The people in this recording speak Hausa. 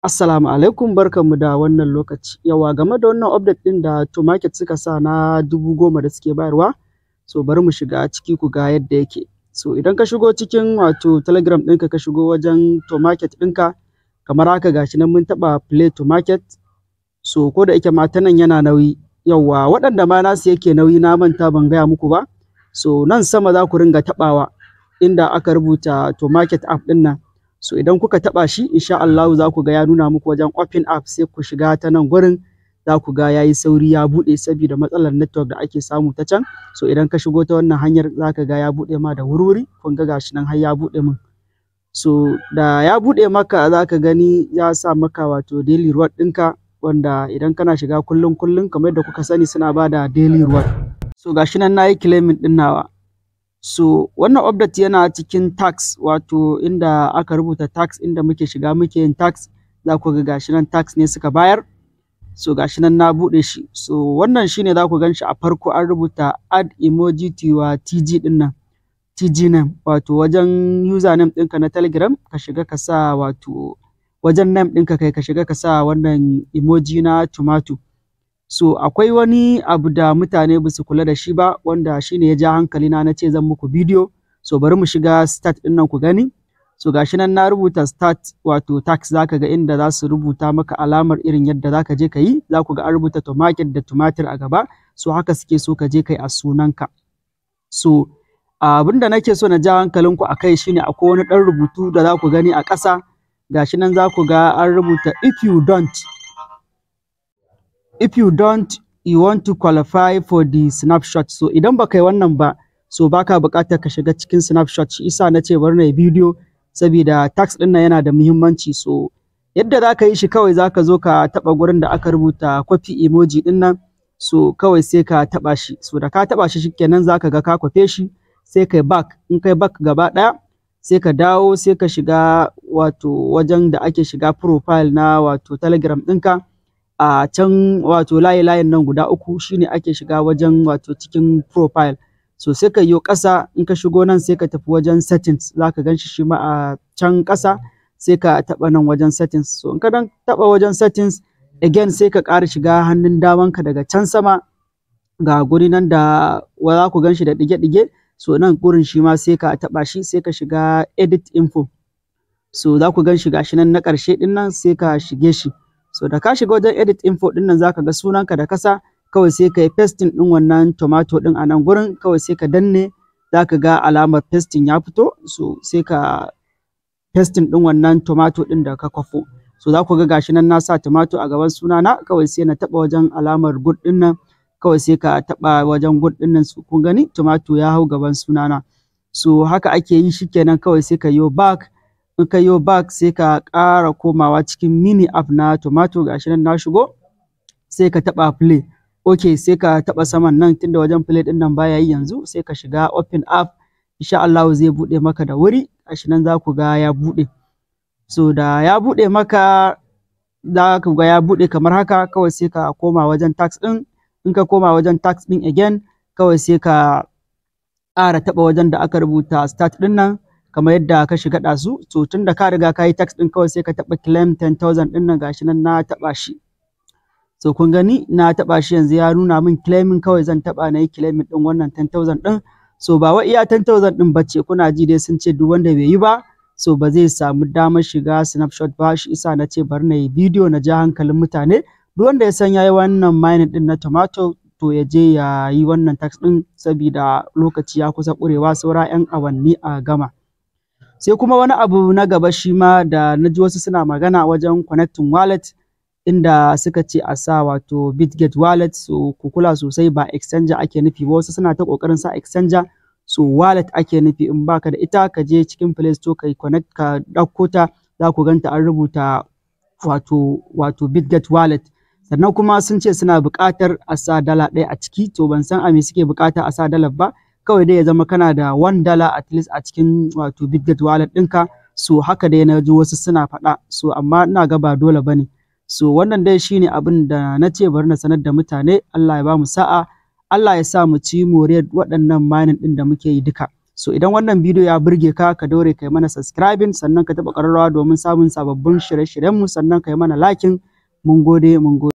Assalamu alaikum barkanmu da wannan lokaci. Yawa game da wannan update ɗin da to market suka sa na dubu goma da suke bayarwa, so bari mu shiga ciki ku ga yadda yake. So idan ka shigo cikin wato telegram ɗinka ka shigo wajen to market ɗinka kamar haka gashi nan mun taɓa play to market. So ko da yake ma nan yana nauyi. Yawa waɗanda ma nasu yake nauyi na manta ban gaya muku ba. So nan sama za ku ringa taɓawa inda aka rubuta to market app ɗin nan. so idan kuka taɓa shi insha Allah za ku ga ya nuna muku wajen open app sai ku shiga ta nan gurin za ku ga ya yi sauri ya buɗe saboda matsalar network da ake samu ta can so idan ka shigo ta wannan hanyar za ka ga ya buɗe ma da wurwuri kun ga gashi nan har ya buɗe min so da ya buɗe maka za ka gani ya sa maka wato daily reward dinka wanda idan kana shiga kullun kullun kamar yadda kuka sani suna ba da daily reward so gashi nan na yi claiming ɗin nawa So wannan update yana cikin tax wato inda aka rubuta tax inda muke shiga muke yin tax za ku ga gashi nan tax ne suka bayar so gashi nan na buɗe shi so wannan shine za ku gan a farko an rubuta add emoji to your TG din nan TG name wato wajen username ɗinka na telegram ka shiga ka sa wato wajen name ɗinka kai ka shiga ka sa wannan emoji na tomato So akwai wani abu da mutane ba su kula da shi ba wanda shine ne ya ja hankalina na ce zan muku bidiyo. So bari mu shiga stat ɗin nan ku gani. So gashi nan na rubuta stat wato tax za ka ga inda za su rubuta maka alamar irin yadda za ka je ka yi za ku ga an rubuta tumatir da tumatir a gaba so haka suke so ka je kai yi a sunanka. So abin da nake so na ja hankalinku a kai shine akwai wani ɗan rubutu da za ku gani a ƙasa gashi nan za ku ga an rubuta if you don't if you don't you want to qualify for the snapshot so idan baka yi wannan ba so baka bukatar ka shiga cikin snapshot shi isa na ce bari na yi bidiyo saboda tax ɗin nan yana da muhimmanci so yadda zaka yi shi kawai zaka zo ka taba gurin da aka rubuta kwafi emoji din nan so kawai sai ka taɓa shi so da ka taɓa shi shikenan za ga ka kwafe shi sai kai back in kai back gaba daya sai ka dawo sai ka shiga wato wajen da ake shiga profile na wato telegram ɗinka a can wato layi layin nan guda uku shine ake shiga wajen wato cikin profile so sai ka yi ƙasa in ka shigo nan sai ka tafi wajen settings za ka gan shi shi ma a can ƙasa sai ka taɓa nan wajen settings so in ka dan taɓa wajen settings again sai ka ƙara shiga hannun damanka daga can sama ga guri nan da za ku gan shi da ɗige-ɗige so nan gurin shi ma sai ka taɓa shi sai ka shiga edit info so za ku gan shi gashi nan na ƙarshe ɗin nan sai ka shige shi so da ka shiga wajen edit info din nan zaka ga sunanka da kasa kawai sai ka yi pasting din wannan tomato din a nan gurin kawai sai ka danne zaka ga alamar pasting ya fito so sai ka pasting din wannan tomato din da ka kwafo so za ku ga gashi nan na sa tomato a gaban sunana kawai sai na taba wajen alamar good din nan kawai sai ka taba wajen good din nan kun gani tomato ya hau gaban sunana so haka ake yi shikenan kawai sai ka yo back in ka yo back sai ka ƙara komawa cikin mini app na tomato gashi nan na shigo sai ka taɓa play ok sai ka taɓa saman nan tunda wajen play ɗin nan baya yi yanzu sai ka shiga open app insha Allah zai buɗe maka da wuri gashi nan za ku ga ya buɗe so da ya buɗe maka za ku ga ya buɗe kamar haka kawai sai ka koma wajen tax ɗin in ka koma wajen tax ɗin again kawai sai ka ƙara taɓa wajen da aka rubuta start ɗin nan kamar yadda ka shiga su to tun da ka riga ka yi tax ɗin kawai sai ka taɓa claim 10,000 ɗin nan gashi nan na taɓa shi so kun gani na taɓa shi yanzu ya nuna min claiming kawai zan taba na yi claiming ɗin wannan 10,000 ɗin so ba wa iya 10,000 ɗin bace kuna ji dai sun ce duk wanda bai yi ba so ba zai samu damar shiga snapshot ba shi isa na ce bari na yi video na ja hankalin mutane duk wanda ya san yayi wannan mining din na tomato to ya je ya yi wannan tax ɗin sabida lokaci ya kusa kurewa saura 'yan awanni a gama. sai kuma wani abu na gaba shi ma da na ji wasu suna magana wajen connecting wallet inda suka ce a sa wato bitget wallet so ku kula sosai ba exchanger ake nufi ba wasu suna ta kokarin sa exchanger so wallet ake nufi in baka da ita ka je cikin play store kai connect ka dauko ta za ku ganta an rubuta wato wato bitget wallet sannan kuma sun ce suna buƙatar a sa dala ɗaya a ciki to ban san a me suke buƙata a sa dala ba kawai dai ya zama kana da one dollar at least a cikin wato bitget wallet ɗinka so haka dai na ji wasu suna faɗa so amma ina ga ba dole bane so wannan dai shine abin da na ce bari na sanar da mutane Allah ya ba mu sa'a Allah ya sa mu ci moriyar waɗannan mining ɗin da muke yi duka so idan wannan bidiyo ya burge ka ka dore kai mana subscribing sannan ka taɓa ƙararrawa domin samun sababbin shirye-shiryenmu sannan kai mana liking mun gode mun gode